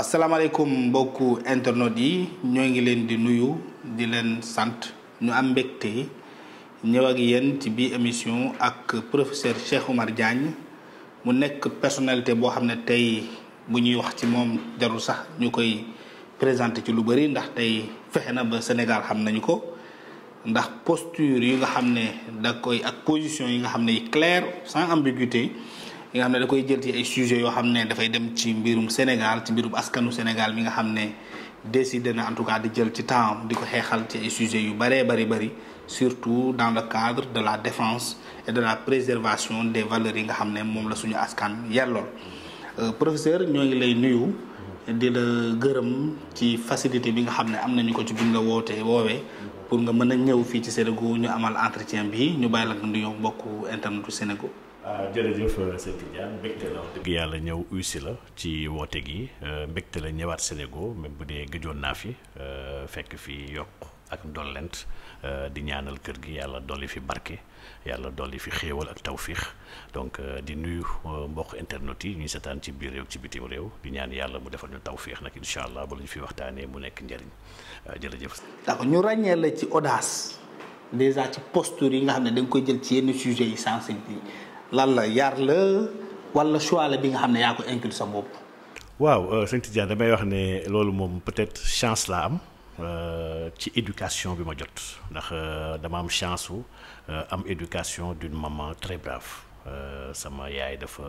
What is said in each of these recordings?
asalaamaaleykum mbokku internet yi ñoo ngi leen di nuyu di leen sant ñu am mbégte ñëw ak yéen ci biir émission ak professeur Cheikh Oumar mu nekk personnalité boo xam ne tey bu ñuy wax ci moom jarul sax ñu koy présenté ci lu bëri ndax tey fexe na ba Sénégal xam nañu ko ndax posture yi nga xam ne da koy ak position yi nga xam ne yi claire sans ambiguïté yi nga xam ne da koy jël ci ay sujets yoo xam ne dafay dem ci mbirum Sénégal ci mbirum askanu Sénégal mi nga xam ne décidé na en tout cas di jël ci temps di ko xeexal ci ay sujets yu bëree bëri bari surtout dans le cadre de la défense de la préservation des valeurs yi nga xam ne moom la suñu askan yellool euh, professeur ñoo ngi lay nuyu di la gërëm ci facilité bi nga xam ne am nañu ko ci buñ la wootee woowee pour nga mën a ñëw fii ci Sénégal ñu amal entretien bi ñu bàyyi la nga nuyoo mbokku internetu Sénégal ah jërëjëf euh, sëñ Tidiane mbégte la yàlla ñëw uysi la ci woote gi euh, mbégte ñëwaat Sénégal même bu dee gëjoon naa fi fekk fi yokk ak ndollent di ñaanal kër gi yàlla dolli fi barke yàlla dolli fi xéewal ak tawfiix donc di nuyu mbokk internet yi ñuy setaan ci biir réew ci bitim réew di ñaan yàlla mu defal ñu tawfiix nag incha allah ba la ñu fi waxtaanee mu nekk njëriñ jërëjëf. d'accord ñu ràññee la ci audace yi nga xam ne da nga koy jël ci lan la yar la wala choix la bi nga xam ne yaa ko inclure sa bopp. waaw euh, sëñ damay wax ne loolu moom peut-être chance laa am euh, ci éducation bi ma jot ndax euh, dama am chance su am éducation d'une maman très brave sama yaay dafa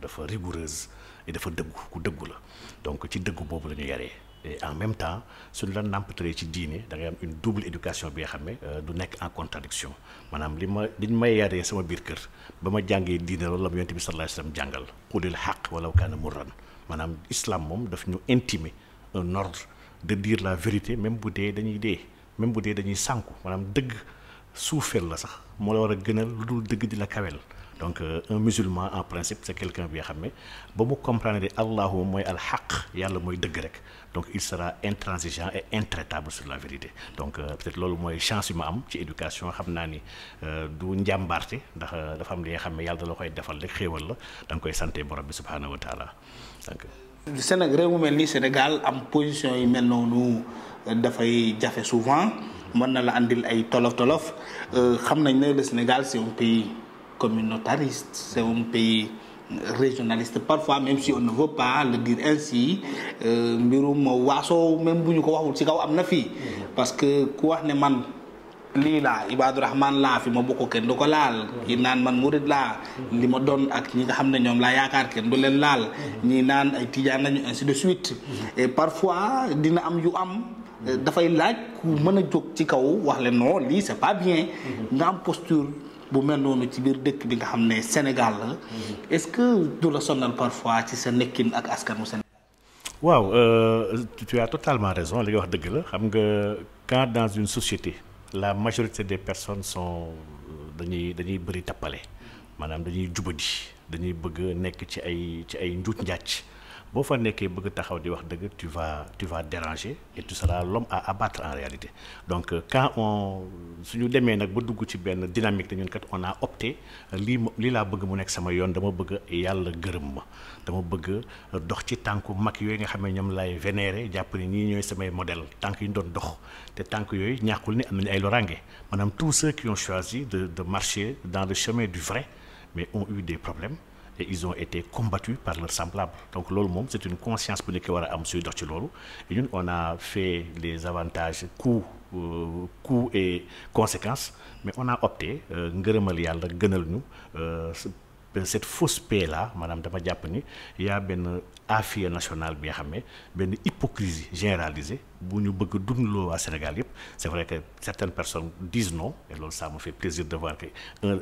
dafa rigoureuse et dafa dëggu ku dëggu la donc ci dëggu boobu la ñu yaree. et en même temps suñ la nàmpatalee ci diine da am une double éducation bi nga xam ne euh, du nekk en contradiction maanaam li ma li may yaree sama biir kër ba ma jàngee diine loolu la ma yonent bi sallallahu alayhi wasallam jàngal xulil xaq walaw kaana murran maanaam islam moom daf ñu intimer un ordre de dire la vérité même bu dee dañuy dee même bu dee dañuy sànku maanaam dëgg suufeel la sax moo la war a gënal lu dul dëgg di la kawel donc euh, un musulman en principe c'est quelqu'un bi nga xam ba mu comprendre allahu mooy alxaq yàlla mooy dëgg rek donc il sera intransigeant et intraitable sur la vérité donc euh, peut loolu mooy chance yu ma am ci éducation xam naa ni euh, du njàmbaarte ndax dafa am li nga xam ne yàlla da koy defal rek xéewal la da koy sante borom bi subhaanahu wa taala donc. Sénégal mu mel ni Sénégal am position yu mel noonu. dafay jafe souvent mën na la andil ay tolof tolof euh, xam nañ ne le Sénégal c'est un pays communautariste c'est un pays régionaliste parfois même si on ne veut pas le dire ainsi euh, mbirum waaso même bu ñu ko waxul ci kaw am na fii parce que ku wax ne man lii laa Ibadu Rahman laa fi ma bokk kenn du ko laal ñi naan man murid laa li ma doon ak ñi nga xam ne ñoom laa yaakaar kenn du leen laal ñi naan ay tijaan lañu ainsi de suite parfois dina am yu dafay laaj ku mën a jóg ci kaw wax leen non lii c'est pas bien. Mhm. nga am posture bu mel noonu ci biir dëkk bi nga xam ne Sénégal la. Mhm. est-ce que du la sonal parfois ci sa nekkin ak askanu Sénégal. waaw euh, tu as totalement raison li nga wax dëgg la xam nga quand dans une société la majorité des personnes sont euh, dañuy dañuy bëri tappale maanaam dañuy jubadi dañuy bëgg nekk ci ay ci ay njuut njàcc boo fa nekkee bëgg taxaw di wax dëgg tu vas tu vas déranger et tu seras l'homme à abattre en réalité donc euh, quand on suñu demee nag ba dugg ci benn dynamique dañun kat on a opté euh, lii lii laa bëgg mu nekk sama yoon dama bëgg yàlla gërëm ma dama bëgg euh, dox ci tànku mag yooyu nga xam ne ñoom laay vénérer jàpp nii ñooy samay modèle tànk yi ñu doon dox te tànk yooyu ñàkkul ni am nañu ay loraange maanaam tous ceux qui ont choisi de de marché dans le chemin du vrai mais ont eu des et ils ont été combattus par leurs semblables donc loolu moom c'est une conscience bu nekk war a am suy dox ci loolu ñun on a fait les avantages coûts euh, coûts et conséquences mais on a opté euh, ngërëmal yàlla gënal ñu euh, cette fausse paix là maanaam dama jàpp ni y benn afia nationale bi nga xam ne benn hypocrisie généralisée bu ñu bëgg a loo waa Sénégal yëpp c' est vrai que certaines personnes disent non et loolu ça me fait plaisir de que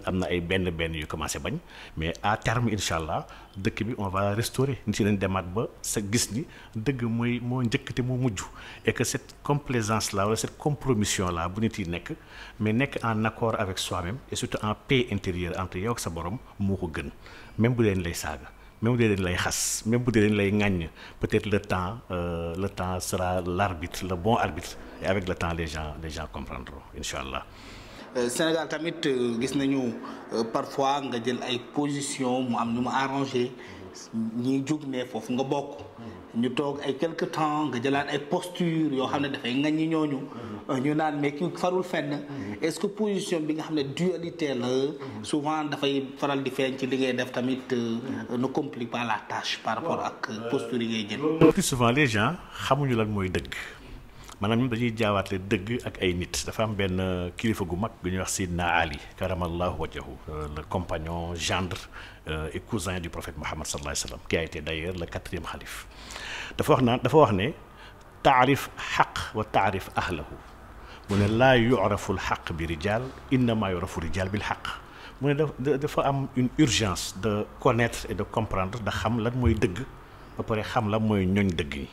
am na ay benn benn yu commencé bañ mais à terme incha allah dëkk bi on va restaurer ni si leen demaat ba sa gis ni dëgg mooy moo njëkk te moo mujj et que cette complaisance là wala cette compromission là bu nit yi nekk mais nekk en accord avec soi-même surtout en paix intérieure entre yow ak sa borom moo gën même bu leen lay saaga. même bu dee dañ lay xas même bu dee dañ lay ŋàññ peut-être le temps euh, le temps sera l'arbitre le bon arbitre avec le temps les gens les gens comprendront incha allah. Euh, Sénégal tamit euh, gis nañu euh, parfois nga jël ay position mu am ñu mu arrangé ñi jug ne foofu nga bokk. ñu toog ay quelque temps nga jëlaat ay posture yoo xam ne dafay ŋaññi ñooñu. ñu naan mais ki farul fenn. Mhm. est-ce que position bi nga xam ne dualité la. Mhm. souvent dafay faral di feeñ ci li ngay def tamit euh, mhm. ne complique pas la tâche. par rapport ak euh, posture yi ngay jël. Euh, plus souvent les gens xamuñu lan mooy dëgg. maanaam ñoom dañuy jaawaatle dëgg ak ay nit dafa am benn kilifa gu mag gu ñuy wax Sidna Ali karamallahu wajhahu le compagnon gendre et cousin du prophète Mohammed sallallahu alayhi wa sallam qui a été d'ailleurs le quatrième xalif dafa wax naan dafa wax ne taarif xaq wa taarif ahlahu mu ne laa yurafu lxaq bi rijal innama yurafu rijal bil xaq mu ne da dafa am une urgence de connaître et de comprendre da xam lan mooy dëgg ba pare xam lan mooy ñoñ dëgg yi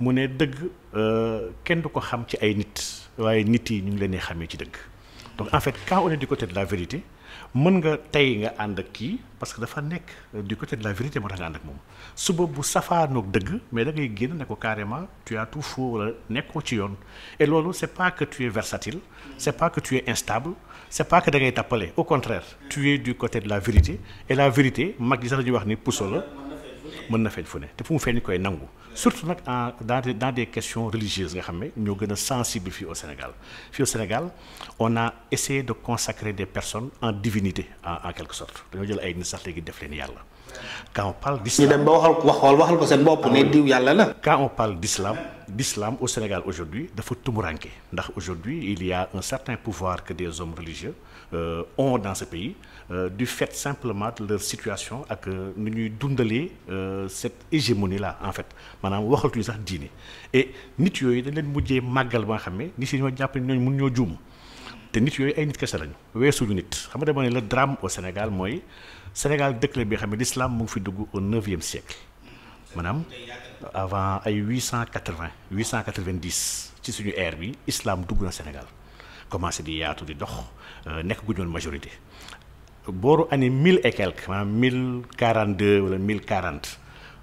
mu ne dëgg euh, kenn du ko xam ci ay nit waaye nit yi ñu ngi leen xamee ci dëgg donc en fait quand on est du côté de la vérité mën nga tey nga ànd ak kii parce que dafa nekk euh, du côté de la vérité moo tax nga ànd ak moom suba bu safaanoo dëgg mais da ngay génn ne ko carrément tu as tout faux wala nekkoo ci yoon loolu c' est pas que tu es versatile c' est pas que tu instable c' pas que da ngay tàppale au contraire tu du côté de la vérité et la vérité mag yi sax dañuy wax ni puso la mën na feeñ fu ne te fu mu feeñ ñu koy nangu surtout nag en dans des dans des questions nga xam ne ñoo gën a sensible fii au Sénégal fii au Sénégal on a essayé de consacrer des personnes en divinité en en quelque sorte dañoo jël ay nit sax léegi def leen yàlla. quand on parle d'islam ñu dem ba waxal waxal waxal ko seen yàlla la. quand on parle d'islam d'islam au Sénégal aujourd'hui dafa tumuranke ndax aujourd'hui il y un certain pouvoir que des hommes religieux euh, ont dans ce pays. Euh, du fait simplement de leur situation ak euh, nu ñuy dundalee euh, cette hégémonie là en fait maanaam waxatuñu sax diine et nit yooyu dañ leen mujjee màggal ba nga xam ne nit yi ñoo jàpp ne mun ñoo juum te nit yooyu ay nit kese lañu weesuñu nit xam nga dama ne le drame au Sénégal mooy Sénégal dëkk bi nga xam ne l'islam mu ngi fi dugg au neuvième siècle maanaam avant ay huit cent quatre-vingt huit ci suñu ère bi islaam dugg na Sénégal commencé di yaatu di dox nekk gu ñoon majorité booru année mille et quelques maanaam mille quarante deux wala mille quarante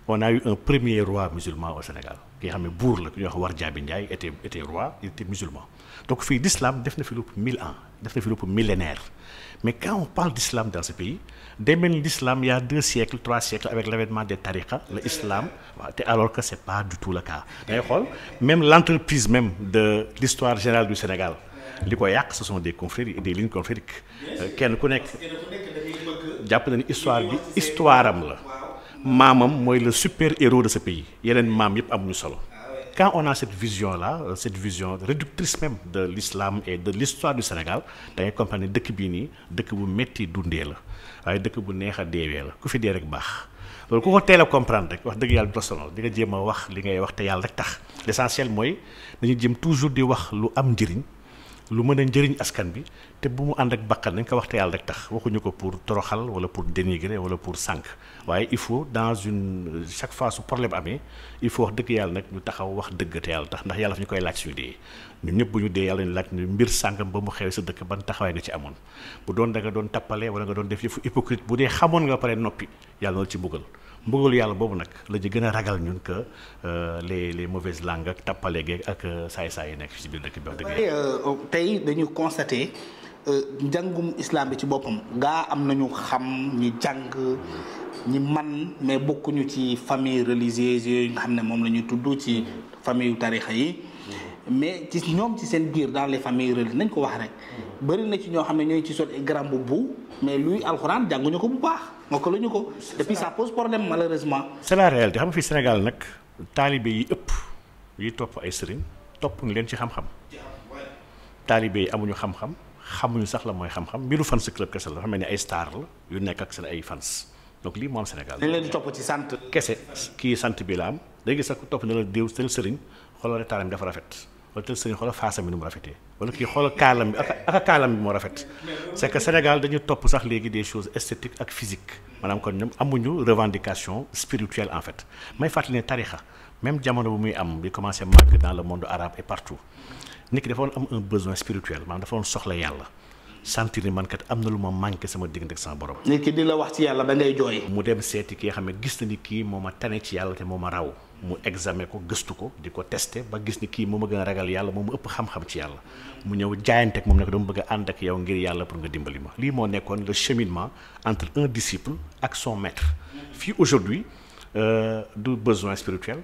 on a eu un premier roi musulman au Sénégal ki nga xam ne buur la ku ñuy wax War Jaabi Njaay était était roi il musulman donc fii l'islam def na fi lu millénaire mais quand on parle d'islam dans ce pays day l'islam il y a deux siècles trois siècles avec l'avènement des tariqa le islam waaw te alors que c'est pas du tout le cas dangay xool même l'entreprise même de l'histoire générale li ko yàq ce sont des confrères des lignes confrériques kenn ku nekk jàpp na ni histoire bi histoire am la maamam mooy le super héros de ce pays yeneen maam yëpp amuñu solo quand on a cette vision là euh, cette vision réductrice même de l'islam et de l'histoire du Sénégal da ngay comprendre ne dëkk bii nii dëkk bu metti dundee la waaye dëkk bu neex a deewee la ku fi dee rek baax loolu ku ko teel a comprendre rek wax dëgg yàlla du la sonal di nga jéem a wax li ngay wax te yàlla rek tax l'essentiel mooy dañuy jéem toujours di wax lu am njëriñ lu mën a njëriñ askan bi te bu mu ànd ak bakkan nañ ko wax te yàlla rek tax waxuñu ko pour toroxal wala pour dénigrer wala pour sànq waaye il faut dans une chaque fois su problème amee il faut wax dëgg yàlla nag ñu taxaw wax dëgg te yàlla tax ndax yàlla fi ñu koy laaj suñu dee ñun ñëpp bu ñu dee yàlla ñu laaj ne mbir sàngam ba mu xewee sa dëkk ban taxawaay nga ci amoon bu doon da doon tappale wala nga doon def yëfu hypocrite bu dee xamoon nga par noppi yàlla na ci mbugal mbugalu yàlla boobu nag la ci gën a ragal ñun que euh, les les mauvaises langues ak tappale geeg ak euh, saay-saay yi nekk ci biir dëkk bi wax dëgg euh, tey dañu constaté njàngum islam bi ci boppam gaa am nañu xam ñi jàng ñi man mais bokkuñu ci famille religieuse yooyu xam ne moom la ñu tudd ci famille yu tarixa yi mais ci ñoom ci seen biir dans les familles religieuses nañ ko wax rek bëri na ci ñoo xam ne ñooy ci sol grand boubou mais luy alxuraan jànguñu ko bu baax mokkaluñu ko. et puis ça pose problème malheureusement. c'est la réalité xam nga fii Sénégal nag taalibe yi ëpp yi topp ay sëriñ topp ñu leen ci xam-xam. taalibe yi amuñu xam-xam xamuñu sax la mooy xam-xam mbiru fans club kese la dafa mel ni ay star la yu nekk ak seen ay fans donc lii moo am Sénégal. dañ leen di topp ci sant. kese kii sant bi la am léegi sax ku topp ne la diw seen sëriñ xoolal retaaram dafa rafet. wala teel sëñ xoolal faasam bi ni mu rafetee wala kii xoolal bi ak kaalam bi moo rafet c'est que Sénégal dañu topp sax léegi des choses esthétiques ak physique maanaam kon amuñu revendication spirituelle en fait may fàttali ne tarixa même jamono bu muy am bi commencé màgg dans le monde arabe et partout nit ki dafa woon am un besoin spirituel maanaam dafa woon soxla yàlla sentir ni am na lu ma manqué sama diggante ak sama borom. nit ki di la wax ci yàlla da ngay jooy. mu dem seeti xam ne gis na ni kii moo ma tane ci raw. mu examé ko gëstu ko di ko testé ba gis ni kii moom a gën a ragal yàlla moom ëpp xam-xam ci yàlla mu ñëw jaayante ak moom ne ko dama bëgg a ànd ak yow ngir yàlla pour nga dimbali ma lii moo nekkoon le cheminement entre un disciple ak son maître fii aujourd'hui euh, du besoin spirituel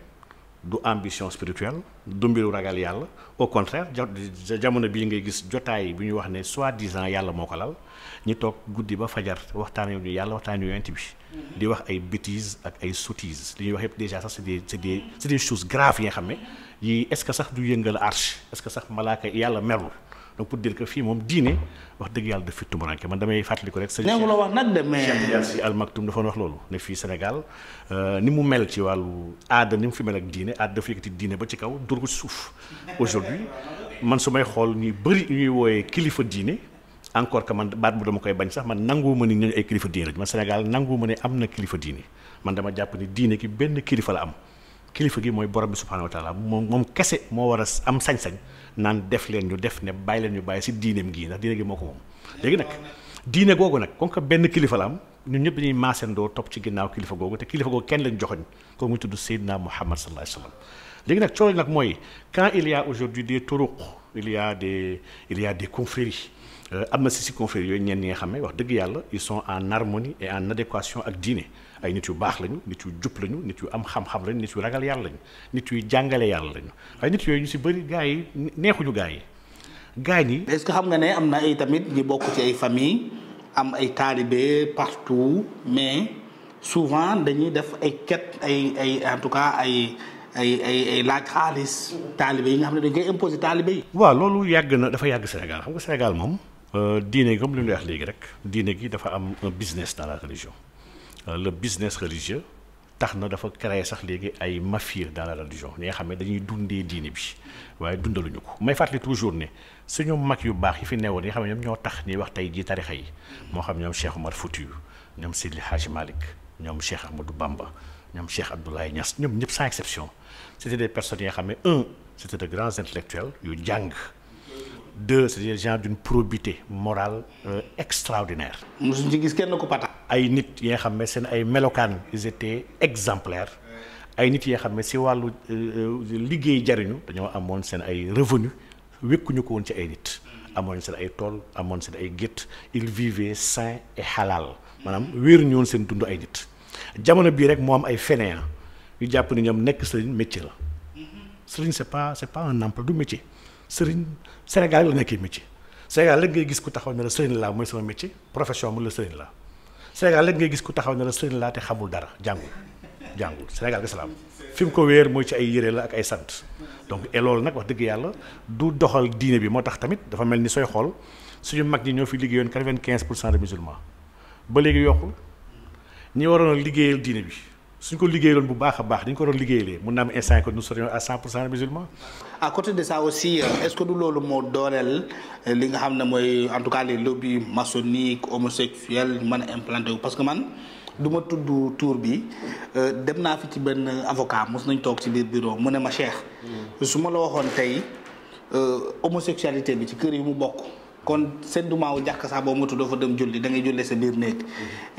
du ambition spirituelle du mbiru ragal yàlla au contraire jamono bii ngay gis jotaay bi ñu wax ne soi-disant yàlla moo ko lal ñu toog guddi ba fajar waxtaan yu yàlla waxtaan yu yonent bi mm-hmm. di wax ay bêtises ak ay sottises li ñuy wax yëpp déjà sax c'est des c'est des c'est des choses graves yi nga xam ne yii est-ce que sax du yëngal arche est que sax malaaka yàlla merul donc pour dire que fii moom diine wax dëgg yàlla daf fi tumuranke man damay fàttali ko rek. sëñ Cheikh la wax nag de mais Cheikh Ndiaye dafa wax loolu. ne fii Sénégal euh, ni mu mel ci wàllu aada ni mu fi mel ak diine aada dafa yëkkati diine ba ci kaw dur ko ci suuf. aujourd'hui man su may xool ñuy bëri ñuy wooyee kilifa diine. encore que man baat bu dama koy bañ sax man nanguwuma ni ñooñu ay kilifa diine lañ man Sénégal nanguwuma ne am na kilifa diine man dama jàpp ni diine ki benn kilifa la am. kilifa gi mooy borom bi subhaanahu wa moom moom kese moo war a am sañ-sañ naan def leen ñu def ne bàyyi leen ñu bàyyi si diineem gii ndax diine gi moo ko moom léegi nag diine googu nag comme benn kilifa la am ñun ñëpp dañuy maasandoo topp ci ginnaaw kilifa googu te kilifa googu kenn lañ joxo ko muy tudd Seydina Muhammad sallallahu alayhi wa sallam léegi nag coono mooy quand il y a aujourd'hui des turuq il y a des il Euh, am na si si confréries yooyu ñenn ñi nga xam ne wax dëgg yàlla ils sont en harmonie et en adéquation ak diine ay nit yu baax lañu nit yu jub lañu nit yu am xam-xam lañu nit yu ragal yàlla lañu nit yu jàngale yàlla lañu waaye nit yooyu ñu si bëri gars yi neexuñu gars yi gars yi. est-ce que xam nga ne am na ay tamit ñu bokk ci ay famille am ay taalibe partout mais souvent dañuy def ay quête ay ay en tout cas ay. ay ay ay laaj xaalis. taalibe yi nga xam ne dañ koy imposer taalibe waaw loolu yàgg na dafa yàgg Sénégal xam nga moom. Euh, diine gi comme li mu wax léegi rek diine gi dafa am un business dans la religion euh, le business religieux tax na dafa créer sax léegi ay mafieux dans la religion ñi nga xam ne dañuy dundee diine bi waaye dundaluñu ko may fàttali toujours ne suñu mag yu baax yi fi newoon yi xam ne ñoom ñoo tax ñuy wax tey jii tarixa yi moo xam ñoom Cheikh Omar Foutiyou ñoom Seydi Hadji Malick ñoom Cheikh Ahmadou Bamba ñoom Cheikh ay Niass ñoom ñëpp sans exception c'était des personnes yi nga xam ne un c'était de grands intellectuels yu jàng deux c'est-à-dire genre d'une probité morale euh, extraordinaire. suñ ci gis kenn ko pata. ay nit yi nga xam ne seen ay melokaan ils étaient ay nit yi nga xam ne si wàllu euh, euh, liggéey jariñu dañoo amoon seen ay revenu wekkuñu ko woon ci ay nit. amoon seen ay tool amoon seen ay gétt ils vivaient sain et halal maanaam wéeruñu woon seen dund ay nit jamono bii rek moo am ay fainéants yu jàpp ni ñoom nekk sëriñ métier la sëriñ c'est pas c'est pas un emploi du métier. sëriñ Sénégal la nekkee métier Sénégal léegi ngay gis ku taxaw ne la sëriñ laa mooy sama métier profession mu la sëriñ laa Sénégal léegi ngay gis ku taxaw ne la sëriñ laa te xamul dara jàngul jàngul Sénégal ga salaam fi mu ko wéer mooy ci ay yére la ak ay sant donc et loolu nag wax dëgg yàlla du doxal diine bi moo tax tamit dafa mel ni sooy xool suñu mag ñi ñoo fi liggéeyoon quatre-vingt-quinze pour cent de musulmans ba léegi yokkul ñi waroon a liggéeyal diine bi suñ ko liggéeyaloon bu baax a baax dañ ko doon liggéeyalee mun na am instant que nous serions à 100 pour cent de ça aussi euh, est-ce que du loolu moo dooleel euh, li nga xam ne mooy en tout cas les lobbies maçonniques homosexuels mën a implanté wu parce que man. du ma tudd tuur bi euh, dem naa fi ci benn avocat mos nañ toog ci biir bureau mu ne ma Cheikh. Mm. su ma la waxoon tey homosexualité bi ci kër yi mu bokk. kon séddumaaw jàkk sax boo motu doo fa dem julli da ngay jullee sa biir néeg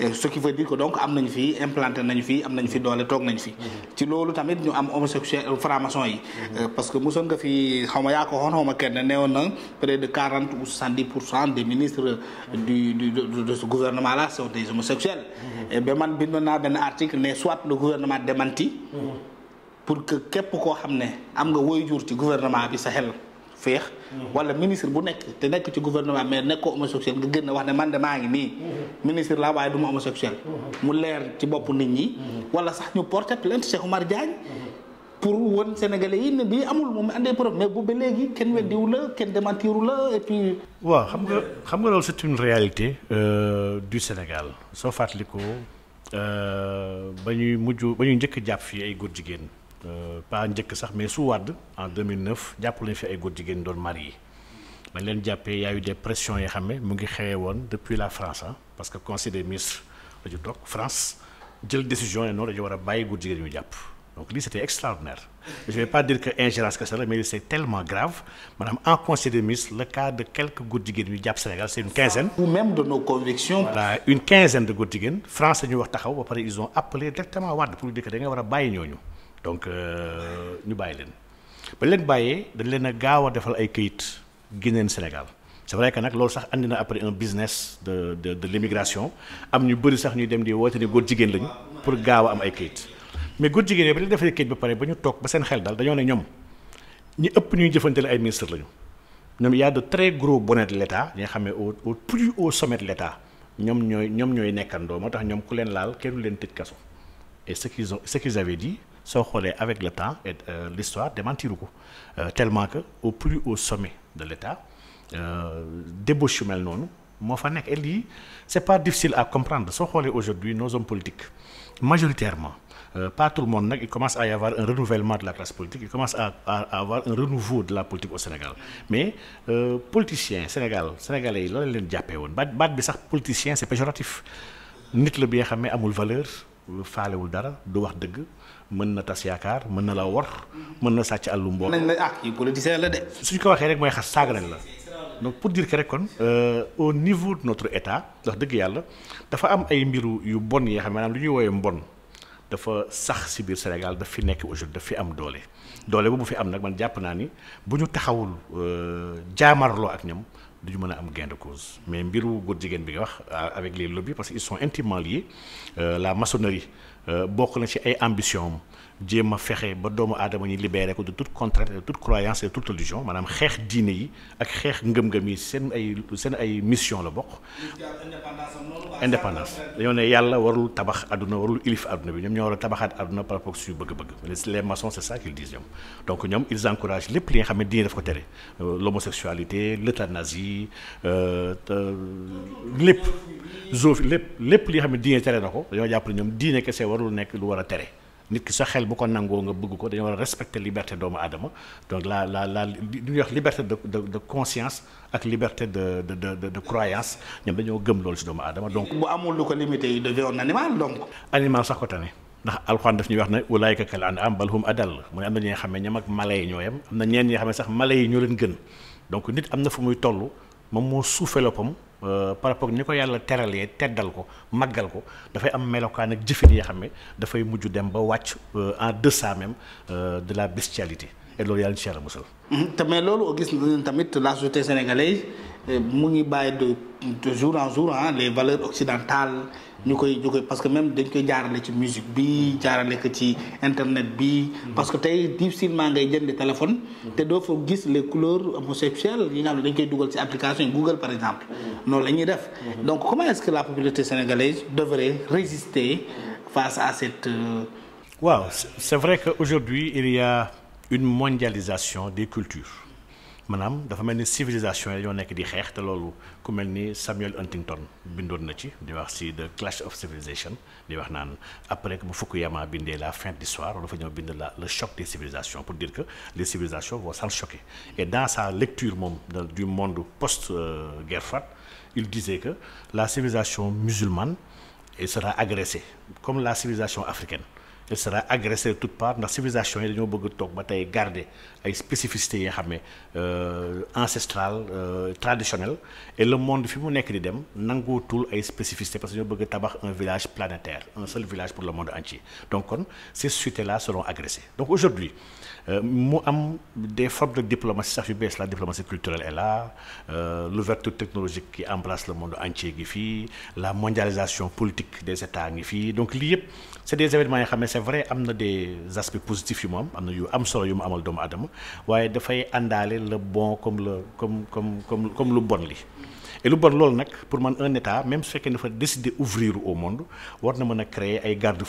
euh, ce qui veut dire que donc am nañ fii implanté nañ fi am nañu fi doole toog nañu fi mm-hmm. ci loolu tamit ñu am homosexuel euh, franc-maçon yi mm-hmm. euh, parce que mosoon nga fi xaw ma yaa ko xoon xaw ma kenn woon na près de quarante ou soixante-dix pour cent des ministres du du de ce gouvernement là sont des homosexuels mm-hmm. ba man bindoon naa benn article ne soit le gouvernement démenti pour que képp koo xam ne am nga woy jur ci gouvernement bi sa xel feex mm-hmm. wala ministre bu nekk te nekk ci gouvernement mais nekkoo ko homosexuel nga gën a wax ne man de maa ngi nii mm-hmm. ministre la waaye du ma homosexuel mm-hmm. mu leer ci bopp nit ñi wala sax ñu porter plainte Cheikh Oumar pour won sénégalais yi ne bii amul moom andee preuve mais bu ba léegi kenn weddiwu la kenn démentiru la et puis waaw xam nga xam nga loolu c'est une réalité euh, du Sénégal soo ko euh, ba ñuy mujj ba ñuy njëkk jàpp fii ay góor jigéen Euh, pas njëkk sax mais su Wade en 2009 jàpp lañu fi ay góor jigéen doon mari bañ leen jàppee yaayu des pressions yoo xam ne mu ngi xewee woon depuis la France ah parce que conseil des ministres la ñu toog France jël décision ne noonu dañu war a bàyyi góor jigéen ñu jàpp donc lii c' extraordinaire je vais pas dire que ingérence que ça la mais c' est tellement grave maanaam en conseil des ministres le cas de quelques góor jigéen yu jàpp Sénégal c' a bàyyi ñooñu. donc euh, ñu bàyyi leen ba leen bàyyee dañ leen a gaaw a defal ay këyit génneen Sénégal c'est vrai que nag loolu sax indi na après un business de de l'immigration am ñu bëri sax ñuy dem di woote ne góor jigéen lañu pour gaaw am ay këyit mais góor jigéen yooyu ba leen defee këyit ba pare ba ñu toog ba seen xel daal dañoo ne ñoom ñi ëpp ñuy jëfanteel ay ministre lañu ñoom y a de très gros bonnets de l'État xam ne au au plus haut sommet de ñoom ñooy ñoom ñooy nekkandoo moo tax ñoom ku leen laal kenn leen tëj kaso et ce qu'ils ont ce soo xoolee avec le temps et euh, l'histoire démentiru ko euh, tellement que au plus haut sommet de l'État euh, débauche yu mel noonu moo fa nekk et lii c'est pas difficile à comprendre soo xoolee aujourd'hui nos hommes politiques majoritairement Euh, pas tout le monde nag il commence à y avoir un renouvellement de la classe politique il commence à, à, à avoir un renouveau de la politique au Sénégal mais euh, politicien Sénégal sénégalais yi loolu leen jàppee woon baat baat bi sax politicien c'est péjoratif nit la bi nga xam ne amul valeur faalewul dara du wax dëgg mën na tas yaakaar mën na la war mën na sàcc àllu mbooloo. la ah yu politicien la de. suñ ko waxee rek mooy xas saaga nañ la donc pour diir que rek kon. Euh, au niveau de notre état ndax dëgg yàlla dafa am ay mbiru yu bon yoo xam ne maanaam lu ñuy woowee mbon dafa sax ci biir Sénégal daf fi nekk aujourd'hui daf fi am doole doole bu bu fi am nag man jàpp naa ni bu ñu taxawul euh, jaamarloo ak ñoom. duñu mën a am gain de cause mais mbiru góor jigéen bi nga wax euh, avec les lobbies parce que ils sont intimement liés euh, la maçonnerie euh, bokk na ci ay ambition jéem a fexe ba doomu aadama ñi libéré ko de toute contrainte de toute croyance et de toute religion maanaam xeex diine yi ak xeex ngëm-ngëm yi seen ay seen ay mission la bokk. indépendance dañoo ne yàlla warul tabax àdduna warul ilif àdduna bi ñoom ñoo war a tabaxaat àdduna par rapport suñu bëgg-bëgg les maçons c'est ça qu'ils disent ñoom donc ñoom ils encouragent lépp li nga xam ne diine daf ko tere euh, l'homosexualité l'euthanasie euh, lépp zoofi lépp lépp li nga xam ne diine tere na ko dañoo jàpp ne ñoom diine kese warul nekk lu tere nit ki sa xel bu ko nangoo nga bëgg ko dañoo war a respecter liberté doomu aadama donc la la la li ñuy wax liberté de de conscience ak liberté de de de ñoom dañoo gëm loolu si doomu aadama donc. bu amul lu ko limité yi devient un animal donc. animal sax ko tane ndax alxuraan daf ñuy wax ne ulaayka kal an'aam bal hum adall mu ne am na ñi nga xam ne ñoom ak mala yi ñoo yem am na ñeen ñi nga sax mala yi ñoo leen gën donc nit am na fu muy toll moom moo suufee loppam Euh, par rapport ni ko yàlla teralee teddal ko màggal ko dafay am melokaan ak jëfin yoo xam dafay mujj dem ba wàcc euh, en deçà même euh, de la bestialité et loolu yàlla ci yàlla musal. Mm-hmm. tamit la société sénégalaise mu ngi bàyyi de de jour en jour les valeurs occidentales. ñu koy ñu parce que même dañ koy jaarale ci musique bi jaarale ko ci internet bi parce que tey difficilement ngay jënd téléphone te doo fa gis les couleur homosexuelles yi nga xam ne dañ koy dugal ci application Google par exemple noonu lañuy def donc comment est-ce que la popularité sénégalaise devrait résister face à cette euh, waaw c'est vrai qu'aujourd'hui il y une mondialisation des culture maanaam dafa mel ni civilisation yi ñoo nekk di xeex te loolu ku mel ni Samuel Huntington bindoon na ci di wax si the clash of civilisation di wax naan après que bu Fukuyama bindee la fin de l'histoire dafa ñëw bind la le choc des civilisations pour dire que les civilisations vont s'enchoquer et dans sa lecture moom du monde post euh, guerre froide il disait que la civilisation musulmane sera agressée comme la civilisation africaine il sera agressé de toutes parts ndax civilisation yi dañoo bëgg toog ba tey garde ay spécificité yi nga xam ne euh, ancestrale euh, traditionnelle et le monde fi mu nekk di dem nangoo nangootul ay spécificités parce que dañoo bëgg tabax un village planétaire un seul village pour le monde entier donc kon ces sociétés là seront agressées donc aujourd'hui mu am des formes de diplomatie sax yu bees la diplomatie culturelle est là euh, l'ouverture technologique qui embrasse le monde entier gi fii la mondialisation politique des états ngi fii donc lii yëpp c'est des événements yoo xam ne c'est vrai am na de aspects positifs yu moom am na yu am solo yu mu amal doomu aadama waaye dafay àndaale le bon comme le comme comme comme comme lu bon li et lu bon loolu nag pour man un état même su fekkee dafa décider ouvrir au monde war na mën a créer ay garde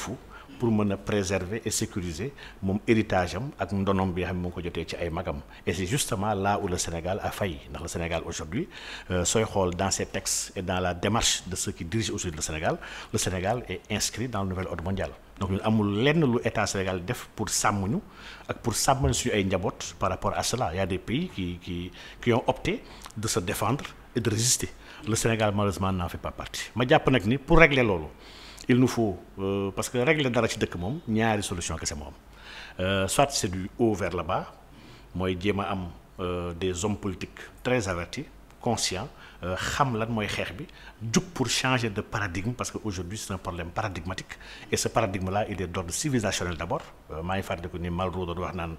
pour mën a préserver et sécuriser moom héritage am ak ndonom bi xam ne mu ngi ko jotee ci ay magam et c'est justement là où le Sénégal a failli ndax le Sénégal aujourd'hui euh, sooy euh, xool dans ses textes et dans la démarche de ceux qui dirigent aujourd'hui le Sénégal le Sénégal est inscrit dans le nouvel ordre mondial donc ñun amul lenn lu état Sénégal def pour sàmm ñu ak pour sàmmal suñu ay njaboot par rapport à cela il y a des pays qui qui qui ont opté de se défendre et de résister le Sénégal malheureusement n'en fait ma jàpp nag ni pour régler loolu il nous faut euh, parce que régler dara ci dëkk moom ñaari solution kese moo am euh, soit c'est du haut vers le mooy jéem a am euh, des hommes politiques très avertis conscients xam lan mooy xeex bi jug pour changer de paradigme parce que aujourd'hui c'est un problème paradigmatique et ce paradigme là il est d'ordre civilisationnel d'abord maa ngi fàttali ko ni Malraux doon wax naan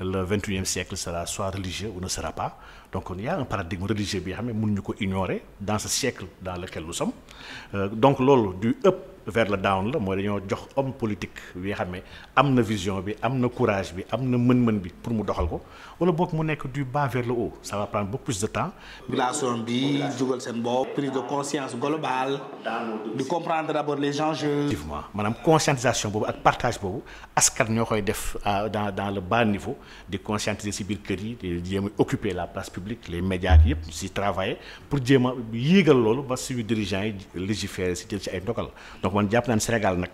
le vingt et siècle soit religieux ou ne sera pas donc il y a paradigme religieux bi xam ne mënuñu ko ignorer dans ce siècle dans lequel nous sommes donc loolu vers le down la mooy dañoo jox xam ne am na vision bi am na courage bi am na mën-mën bi pour mu doxal ko wala boog mu nekk du bas vers le haut ça va prendre beaucoup plus de seen bopp. prise de conscience globale. di comprendre les enjeux. effectivement maanaam conscientisation boobu ak partage boobu askan ñoo koy def euh, dans dans le bas niveau di conscientiser si biir kër yi di jéem a occuper la place publique les médias yëpp si travailler pour jéem a yéegal loolu ba suñu dirigeants yi légiférer si jël si ay ndogal man jàpp naan Sénégal nag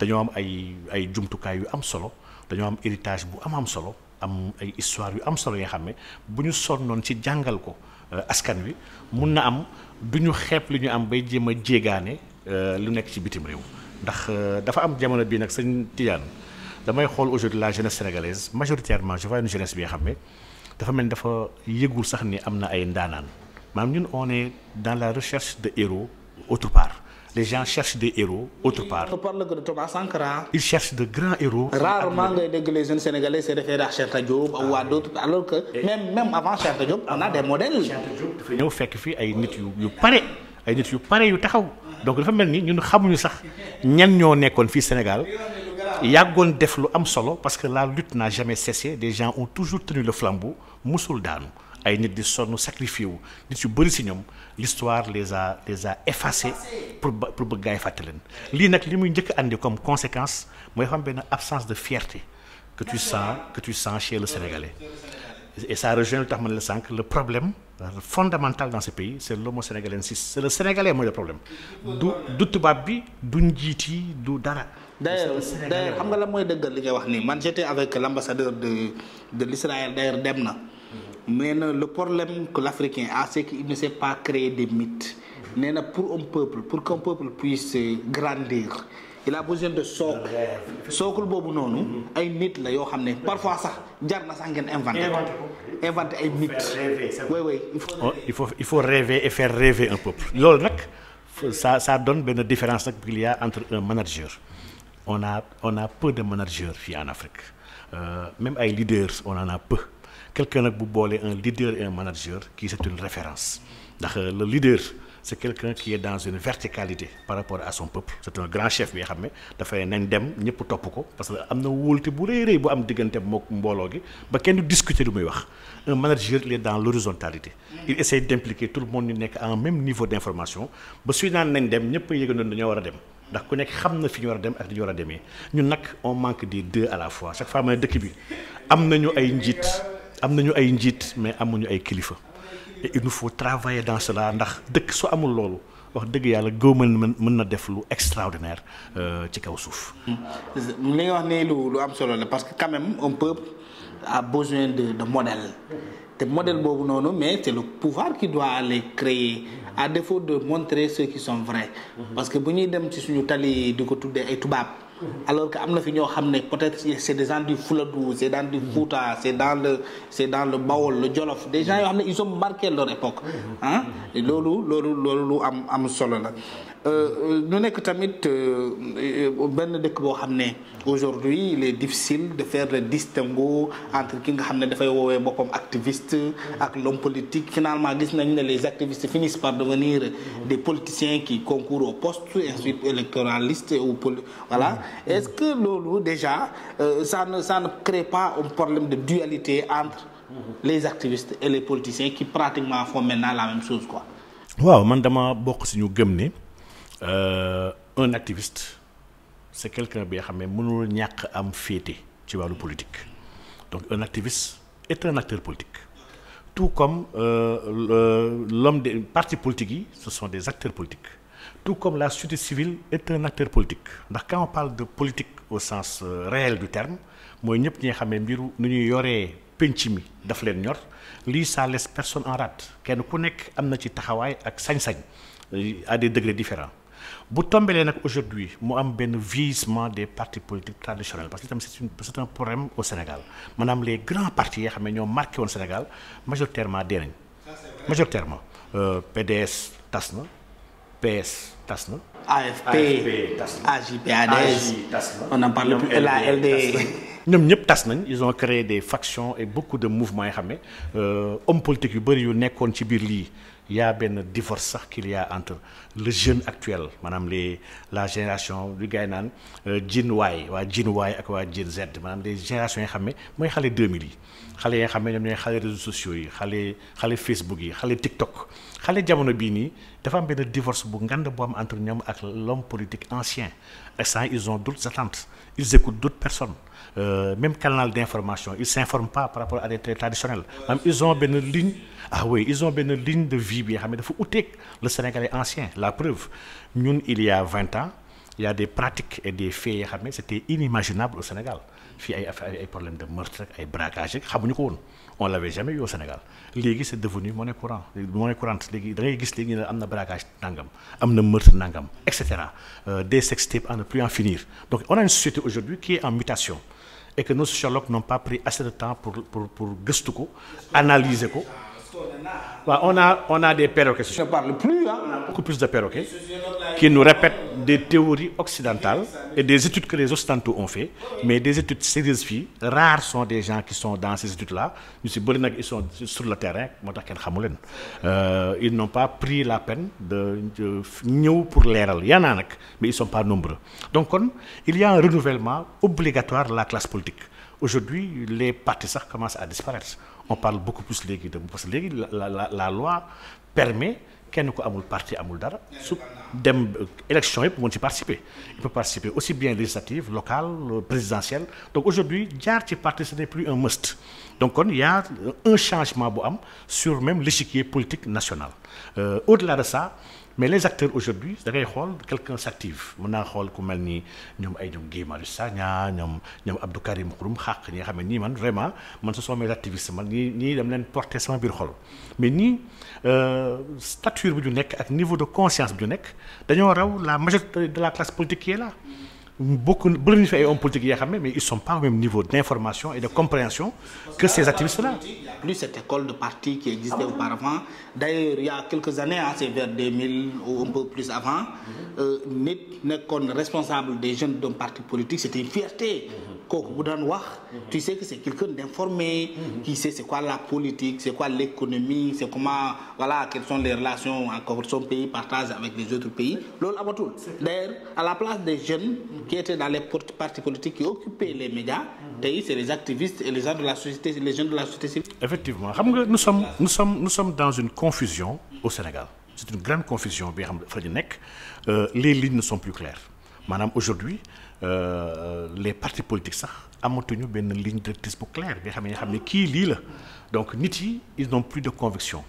dañoo am ay ay jumtukaay yu am solo dañoo am héritage bu am am solo am ay histoire yu am solo yoo xam ne bu ñu sonnoon ci jàngal ko euh, askan wi mun na am du ñu xeeb li ñu am bay jéem a jéegaane euh, lu nekk ci bitim réew ndax euh, dafa am jamono bii nag sëñ Tidiane damay xool aujourd'hui la jeunesse sénégalaise majoritairement je vois une jeunesse bi nga xam ne dafa mel ni dafa yëgul sax ni am na ay ndaanaan maanaam ñun on dans la recherche de héros autre les gens cherchent des héros autre part. on ne parle que de Thomas Sankara. de grands héros. rarement ngay dégg les jeunes sénégalais se référer à Cheikh Anta Diop ou à ah d'autres alors que même même avant Cheikh Anta ñëw fekk fii ay nit yu yu pare ay nit yu pare yu taxaw donc dafa mel ni ñun xamuñu sax ñan ñoo nekkoon fii Sénégal. yàggoon def lu am solo parce que la lutte n'a jamais cessé des gens ont toujours tenu le flambeau mosul daanu. ay nit di sonn sacrifié wu nit yu bëri si ñoom l'histoire les a les a effacés pour bëgg gaay fàtte leen lii nag li muy njëkk andi comme conséquence mooy xam benn absence de fierté que tu sens que tu sens chez le Sénégalais et ça rejoint lu tax man la sànq le problème fondamental dans ce pays c'est l'homo-sénégalensis c'est le Sénégalais mooy le problème du tubaab bi du njiit yi du dara d'ailleurs xam nga la mooy dëggal li ngay wax nii man j'étais avec l'ambassadeur de de l'Israël dem na nee na le problème que l'Africain a c'est qu'il ne sait pas créer des mythes nee na pour un peuple pour qu'un peuple puisse grandir il a besoin de socle socle boobu noonu ay mythes la yoo xam ne parfois sax jar na sax ngeen inventé inventé ay mythes oui oui oh, il faut il faut rêver et faire rêver un peuple loolu nag ça ça donne benn différence nag qu'il y a entre un manager on a on a peu de managers fi en Afrique euh, même ay leaders on en a peu quelqu'un nag bu boolee un leader et un manager qui c'est une référence ndax euh, le leader c'est quelqu'un qui est dans une verticalité par rapport à son peuple c'est un grand chef ne dafay nañ dem topp ko parce que am na wóolute bu rëy rëy bu am diggante mook mbooloo gi ba kenn du wax un manager dans l'horizontalité il essaie d'impliquer tout le nekk à un même niveau d'information nañ dem ñëpp a yëgandoon dañoo a dem ndax ku nekk xam na fi ñu war a dem ñu war a demee ñun à la fois chaque fois ma ne dëkk bi am nañu ay njiit am nañu ay njiit mais amuñu ay kilifa et il nous faut travailler dans ndax dëkk soo amul loolu wax dëgg yàlla gëwmal mën mën na def lu extraordinaire euh, ci kaw suuf. li nga wax ne lu lu am solo la parce que quand on un peuple a besoin de de te modèle boobu noonu mais c'est le pouvoir qui doit aller créer à défaut de montrer ceux qui sont vrais. parce que bu ñuy dem ci suñu tali di ko tuddee ay tubaab. alors que am na fi ñoo xam ne peut-être c'est des gens du Fouladou c'est dans du Fouta c'est dans le c'est dans le Bawol le Jolof des gens yoo xam ne ils ont marqué leur époque ah loolu loolu loolu lu am am solo la Euh, euh, ñu nekk tamit euh, benn dëkk boo xam ne aujourd'hui il est difficile de faire le distinguo entre ki nga xam ne dafay woowee boppam activiste ak l'homme politique finalement gis nañ ne les activistes finissent par devenir des politiciens qui concourent au poste ensuite électoraliste ou poli voilà est-ce que loolu déjà ça ne ça ne crée pas un problème de dualité entre les activistes et les politiciens qui pratiquement font maintenant la même chose quoi waaw man dama bokk Euh, un activiste c'est quelqu'un bi nga xam ne mënul ñàq am féete ci wàllu politique donc un activiste est un politique tout comme euh, l'homme des partis politiques yi ce sont des acteurs politiques tout comme la société civile est un politique ndax quand parle de politique au sens euh, réel du terme mooy ñëpp ñi nga xam mbiru nu ñu yoree penc mi daf leen ñor lii ça les personne en rade kenn ku nekk am na ci taxawaay ak sañ-sañ euh, à des degrés différents bu tombelee nag aujourd'hui mu am benn vieillissement des partis politiques traditionnels parce que itam c'est une c'est un problème au Sénégal maanaam les grands partis yi xam ne ñoo marqué woon Sénégal majoritairement dee nañ majoritairement euh, PDS tas na PS tas na AFP AJP ADS on n'en parle plus la ñëpp tas nañ ils ont créé des factions et beaucoup de mouvements yi xam ne euh, hommes politiques yu bëri yu nekkoon ci biir lii yaa a benn divorce sax qu'il entre le jeune actuel maanaam les la génération du gars yi naan Gen euh, Y waa Gen Y ak waa Gen Z maanaam les générations yi nga xam ne mooy xale 2000 yi xale yoo nga xam ne ñoom ñooy xale réseaux sociaux yi xale xale Facebook yi xale TikTok xale jamono bii nii dafa am benn divorce bu ngande bu am entre ñoom ak l'homme politique ancien instant ils ont d'autres attentes ils écoutent d'autres personnes euh, même canal d'information ils s'informent pas par rapport à des traits traditionnels maanaam ils ont benn ligne ah oui ils ont benn ligne de vie bi nga xam ne dafa uteeg le Sénégalais ancien la preuve ñun il y a vingt ans il y a des pratiques et des faits yoo xam ne c'était inimaginable au Sénégal fii ay affaire ay problème de meurtre ay braquage rek xamuñu ko woon on l'avait jamais eu au Sénégal léegi c'est devenu monnaie courante monnaie courante léegi da ngay gis léegi ne am na braquage nangam am et cetera euh, des sextapes à ne plus on a une société et que nos sociologues n'ont pas pris assez de temps pour pour pour gëstu ko analyser ko. waaw on a on a des perroquets. je ne parle plus de perroquets. qui nous répètent des théories occidentales et des études que les Occidentaux ont fait mais des études sérieuses fii rares sont des gens qui sont dans ces études là ñu si bëri nag ils sont sur le terrain moo tax kenn xamu leen euh, ils n'ont pas pris la peine de ñëw pour leeral yaa naa nag mais ils sont pas nombreux donc kon il y a un renouvellement obligatoire de la classe politique aujourd'hui les partis sax commencent à disparaître on parle beaucoup plus léegi de parce que léegi la la la loi kenn ko amul parti amul dara su dem élection yëpp mën ci participer il peut participer aussi bien législative locale présidentielle donc aujourd'hui jaar ci parti ce n'est plus un must donc kon y un changement bu am sur même l'échiquier politique national euh, au-delà de ça mais les acteurs aujourd'hui da ngay xool quelqu'un s'active mën naa xool ku mel ni ñoom ay ñoom Guy Marius Sagna ñoom ñoom Abdou Karim Xurum Xaq ñi nga xam ne nii man vraiment man ce sont mes activistes man ñii ñii dem leen porter sama biir xol mais ñii euh, stature bi ñu nekk ak niveau de conscience bi ñu nekk dañoo raw la majorité de la classe politique qui est bokk bëri nañu fi ay hommes politiques yoo xam ne mais ils sont pas au même niveau d'information et de compréhension que ces activistes là. plus cette école de parti qui existait auparavant d'ailleurs il y a quelques années ah c'est ou un peu plus avant euh, nit nekkoon responsable des jeunes d'un parti politique c'était une fierté. kooku bu daan wax. tu sais que qui sait c'est quoi la politique c'est quoi l'économie c'est comment voilà quelles sont les relations encore son pays partage avec les autres pays loolu qui étaient dans les partis politiques qui occupaient les médias tey c'est les activistes et de la société effectivement xam nga nous sommes nous sommes nous sommes dans une confusion au Sénégal c'est une grande confusion bi nga xam ne nekk euh, les lignes ne sont plus claires maanaam aujourd'hui euh, les partis politiques sax amatuñu benn ligne directrice bu claire bi nga xam ne xam ne kii lii la donc nit yi ils n'ont plus de conviction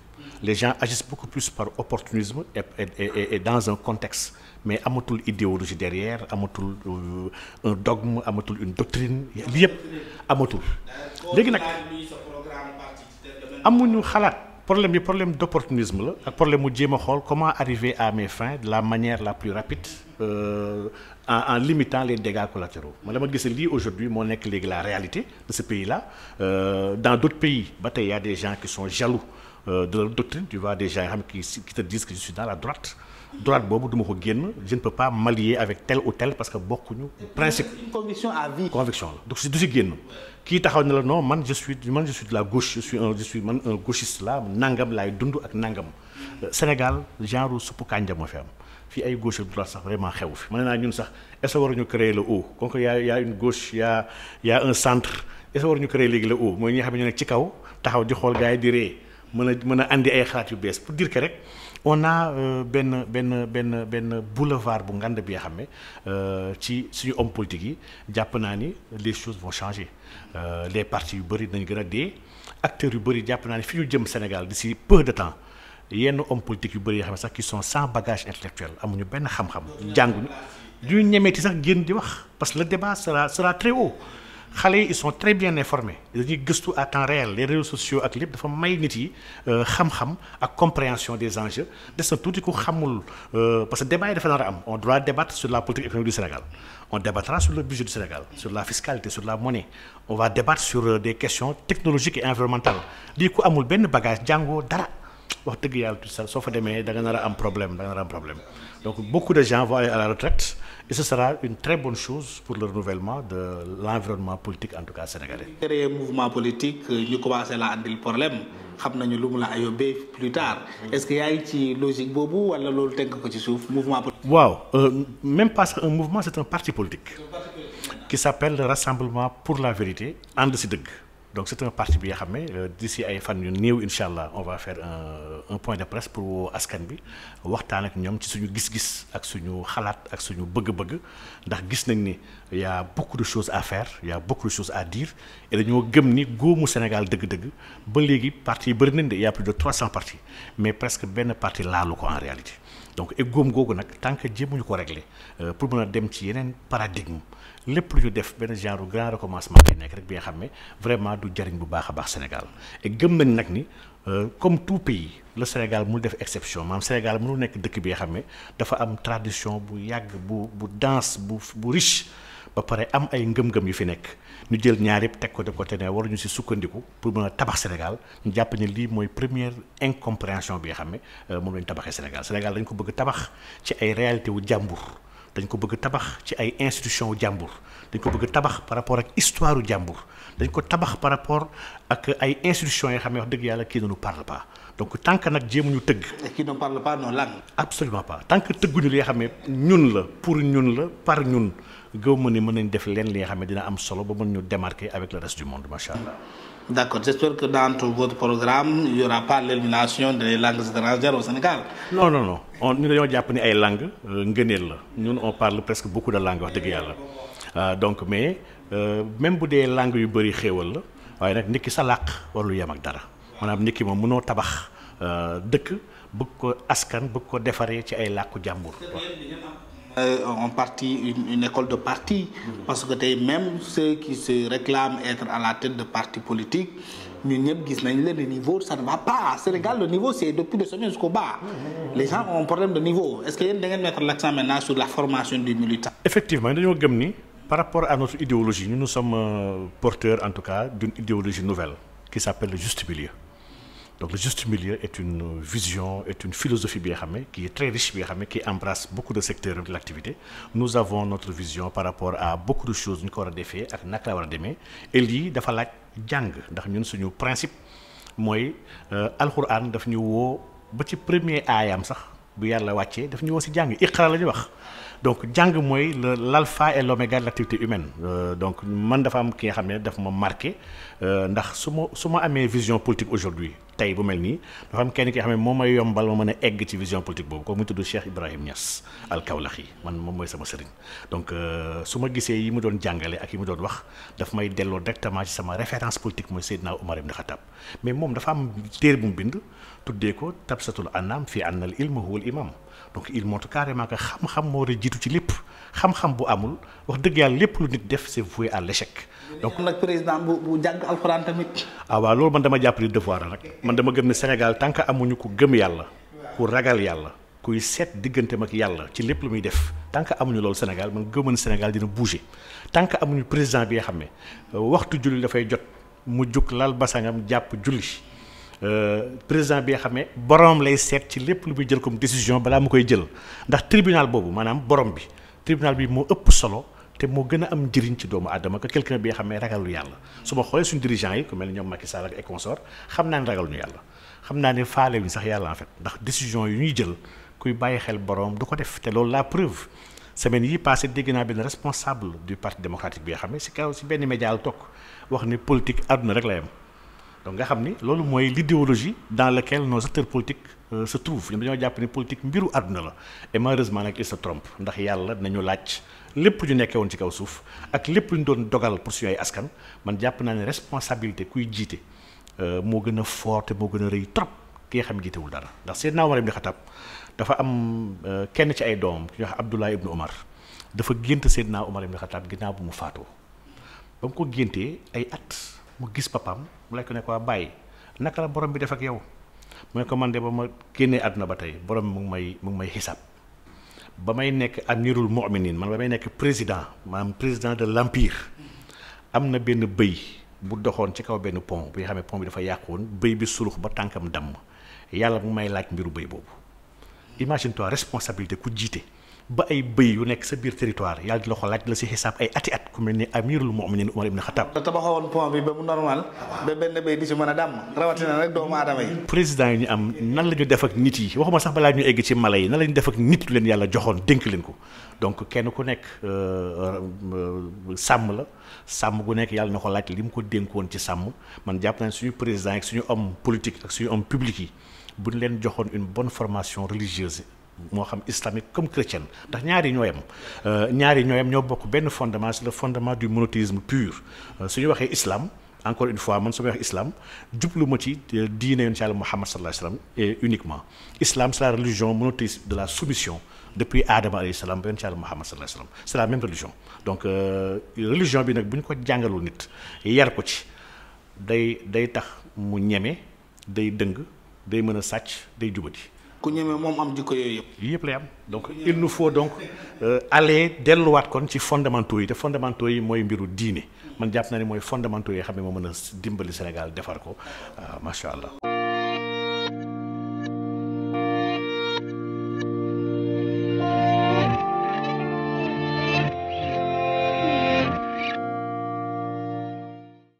les gens agissent beaucoup plus par opportunisme et et et, et dans un contexte mais amatul idéologie derrière amatul euh, un dogme amatul une doctrine li yëpp amatul. léegi nag amuñu xalaat. problème bi problème d'opportunisme la ak problème mu jéem a xool comment arriver à mes fins de la manière la plus rapide euh, en en limitant les dégâts collatéraux man dama gis lii aujourd'hui moo nekk léegi la réalité de ce pays là euh, dans d'autres pays ba tey y a des gens qui sont jaloux euh, de leur doctrine tu vois des gens qui qui te disent que je suis la droite droite boobu duma ko génn je ne peux pas avec tel ou parce que bokkuñu principe. conviction à vie. conviction du si génn kii taxaw na la non man je suis man je la gauche je suis un je suis man un gauchiste la nangam laay dund ak nangam. Euh, Sénégal genre suppu kànja moo fi am fii ay gauche ak droite sax vraiment xew fi mën naa ñun sax est-ce que waruñu créer la haut comme que y a y a une gauche y a y un centre est-ce que waruñu créer léegi la haut mooy ñi nga xam ne ñu nekk ci kaw taxaw di xool gars yi di ree mën a mën a andi ay xalaat yu bees pour dire que on a euh, benn benn benn benn boulevard bu ngande bi nga xam ne euh, ci suñu homme politique yi jàpp naa ni les choses vont changer euh, les partis yu bëri nañ gën a dee acteurs yu bëri jàpp naa ni fi ñu jëm Sénégal d'ici peu de temps yenn homme politique yu bëri yoo xam ne sax qui sont sans bagage intellectuel amuñu benn xam-xam jànguñu duñu ñemeeti sax génn di wax parce que le débat sera sera très haut xale yi ils sont très bien informés dañuy gëstu à temps réel les réseaux sociaux ak lépp dafa may nit yi euh, xam-xam ak compréhension des enjeux des na tuuti ku xamul euh, parce que débat yi dafa nar a am on doit débattre sur la politique économique du Sénégal on débattra sur le budget du Sénégal sur la fiscalité sur la monnaie on va débattre sur euh, des questions technologiques et environnementales lii ku amul benn bagage jàngoo dara wax dëgg yàlla tout sax soo fa demee da nga nar am problème a am problème donc beaucoup de gens et ce sera une très bonne chose pour le renouvellement de l'environnement politique en tout cas sénégalais. créer mouvement politique euh, ñu commencé la andil problème xam nañu lu mu la ayobee plus tard mm-hmm. est-ce que yaa ngi ci logique boobu wala loolu tënk ko ci suuf mouvement politique. waaw euh, même parce que un mouvement c'est un parti politique. qui s'appelle le rassemblement pour la vérité ànd si dëgg. donc c'est un parti bi nga xam ne euh, d'ici ay fan yu néew incha de presse pour askan waxtaan ak ñoom ci suñu gis-gis ak suñu xalaat ak suñu bëgg-bëgg ndax gis nañ ni y a beaucoup de choses à faire y a beaucoup de à dire et dañoo gëm ni góomu Sénégal dëgg-dëgg ba léegi parti yi bëri nañ de y a plus de 300 partis mais presque benn parti laalu ko en réalité donc et góom googu nag tant que jéemuñu ko régler euh, pour mën a dem ci yeneen paradigme lépp lu ñu def benn genre grand recommencement lay nekk rek bi nga xam ne vraiment du jariñ bu baax a baax Sénégal gëm nañ nag ni Euh, comme tout pays le Sénégal mu def exception maanaam Sénégal mënul nekk dëkk bi nga xam ne dafa am tradition bu yàgg bu bu dense bu bu riche ba pare am ay ngëm-ngëm yu fi nekk ñu jël ñaar yëpp teg ko de côté ne waruñu si sukkandiku pour mën a tabax Sénégal ñu jàpp lii mooy première incompréhension bi nga xam ne euh, moom lañu tabaxee Sénégal Sénégal dañ ko bëgg tabax ci ay réalité wu jàmbur dañ ko bëgg tabax ci ay institution jàmbur dañ ko bëgg tabax par rapport ak histoire wu jàmbur dañ ko tabax par rapport ak ay institutions yoo xam ne wax dëgg yàlla kii ne parle pas donc tant que nag jéemuñu tëgg. kii ne parle pas non li nga xam ne ñun la pour ñun la par ñun gëw ma ni mën nañ def leen li nga xam ne dina am solo ba mën ñu démarquer avec le reste du monde macha allah. D'accord, j'espère que dans tout votre programme, il n'y aura pas l'élimination des langues étrangères au Sénégal. Non, non, non. On, nous avons déjà des langues, euh, nous on parle presque beaucoup de langues, euh, donc, mais Euh, même bu dee langue yu bëri xéewal la waaye nag nit ki sa làq warlu yem ak dara maanaam nit ki moom mënoo tabax euh, dëkk bëgg ko askan bug ko defaree ci ay làkku jàmbur. Euh, en partie une école de parti. parce que tey même ceux qui se réclament être à la tête de parti politique. ñu ñëpp gis nañ leen le niveau ça ne va pas Sénégal le niveau c'est depuis le sommet jusqu'au bas les gens ont un problème de niveau est-ce que yéen da mettre l'accent maintenant sur la formation du effectivement dañoo gëm ni. par rapport à notre idéologie nous nous sommes euh, porteurs en tout cas d'une idéologie nouvelle qui s'appelle le juste donc le juste milieu est une vision est une philosophie bi nga xam ne qui est bi nga xam ne qui embrasse beaucoup de secteurs de l'activité nous avons notre vision par rapport à beaucoup de choses ñu ko war a defee ak naka la war a demee et lii dafa laaj jàng ndax ñun suñu principe mooy euh, alxuraan daf ñu woo ba ci premier aayam sax bu yàlla wàccee daf ñu woo si jàng iqra la ñu wax donc jàng mooy le fa et l'oméga de l'activité humaine euh, donc man dafa am ki nga xam ne daf ma marqué euh, ndax su ma su ma amee vision politique aujourd'hui tey bu mel nii dafa am kenn ki xam ne moo may yombal ma mën a egg ci vision politique boobu ko mu tudd Cheikh Ibrahim Niass al-Kawlaxi man moom mooy sama sëriñ donc euh, su ma gisee yi mu doon jàngale ak yi mu doon wax daf may delloo directement ci sama référence politique mooy Seydina Omar Ibn Khattab mais moom dafa am téere bu mu bind tuddee ko tabsatul anam fii na ilm huwa al imam donc moo montre carrément que xam-xam moo war ci lépp xam-xam bu amul wax dëgg yàlla lépp lu nit def c'est voué à l'échec donc nag président bu bu jàng alxuraan tamit. ah waaw loolu man dama jàpp ni devoir la man dama gëm ne Sénégal tànk que amuñu ku gëm yàlla ku ragal yàlla kuy seet diggante ak yàlla ci lépp lu muy def tant que amuñu loolu Sénégal man gëmoon Sénégal dina bouger tant que amuñu président bi nga xam ne waxtu julli dafay jot mu jug lal basangam jàpp julli. Euh, président bi nga xam ne borom lay seet ci lépp lu muy jël comme décision balaa mu koy jël ndax tribunal boobu maanaam borom bi tribunal bi moo ëpp solo te moo gën a am njëriñ ci doomu aadama que quelqu'un bi nga xamee ne ragalu yàlla su ma xoolee suñu dirigeant yi ku mel ne ñoom Macky Sall ak et xam naa ne ragaluñu yàlla xam naa ne faale wu sax yàlla en fait ndax décision yu ñuy jël kuy bàyyi xel borom du ko def te loolu la preuve semaine yi passé dégg naa responsable du parti démocratique bi nga ne si kaw si benn média la toog wax ni politique àdduna rek la yam donc nga xam ni loolu mooy l'idéologie dans laquelle nos acteurs politiques euh, se trouvent ñoom dañoo jàpp ni politique mbiru àdduna la et malheureusement nag il se trompe ndax yàlla nañu laaj lépp ñu nekkee woon ci kaw suuf ak lépp lu ñu doon dogal pour suñu ay askan man jàpp naa ne responsabilité kuy jiite euh, moo gën a fort te moo gën a rëy trop ki xam jiitewul dara ndax naa Seydina Omar ibn Khattab dafa am euh, kenn ci ay doomam ki ñuy wax Abdullah ibn Omar dafa gént Seydina Omar ibn Khattab ginnaaw bu mu mu gis papaam mu laaj ko ne ko bàyyi naka la borom bi def ak yow mu ne ko man de ba ma génnee àdduna ba tey borom bi ngi may mu ngi may xisaab ba may nekk am amirul mu'minin man ba may nekk président maanaam président de l'empire am na benn bëy bu doxoon ci kaw benn pont bi nga xam ne pont bi dafa yàqoon bëy bi surux ba tànkam damm yàlla mu may laaj mbiru bëy boobu imagine toi responsabilité ku jiite. ba ay bëy yu nekk sa biir territoire yàlla di la laaj la si xisaab ay ati at ku mel ni amirul mu'minin Umar ibn Khattab. da tabaxawoon pont bi ba mu normal. ba benn bëy di si mën a dàmm. rawatina rek doomu aadama yi. président yi ñu am nan la ñu def ak nit yi waxuma sax balaa ñu egg ci mala yi nan la ñu def ak nit yu leen yàlla joxoon dénk leen ko donc kenn ku nekk euh, euh, sàmm la sàmm gu nekk yàlla na ko laaj li mu ko dénkoon ci sàmm man jàpp naa suñu président suñu homme politique ak suñu homme public yi bu ñu leen joxoon une bonne formation religieuse. moo xam islamique comme chrétienne ndax ñaari ñooyam euh, ñaari ñooyam ñoo bokk benn fondement c'est le fondement du monothéisme pur euh, su ñu waxee islam encore une fois man su ma wax islam jublu ma ci euh, diine yoon ci Yàlla Muhammad sallallahu uniquement islam c'est la religion monothéiste de la soumission depuis aadama alayhi salaam ba yoon ci Yàlla Muhammad sallallahu alayhi la même religion donc religion bi nag bu ñu ko jàngalul nit yar ko ci day day tax mu ñeme day dëng day mën a sàcc day jubati ku ñemee moom am jikko yooyu yëpp. yëpp lay am donc il faut donc euh, aller delluwaat kon ci fondamentaux yi te fondamentaux yi mooy mbiru diine man jàpp na ne mooy fondamentaux yi xam ne moo mën a dimbali Sénégal defar ko euh, macha allah.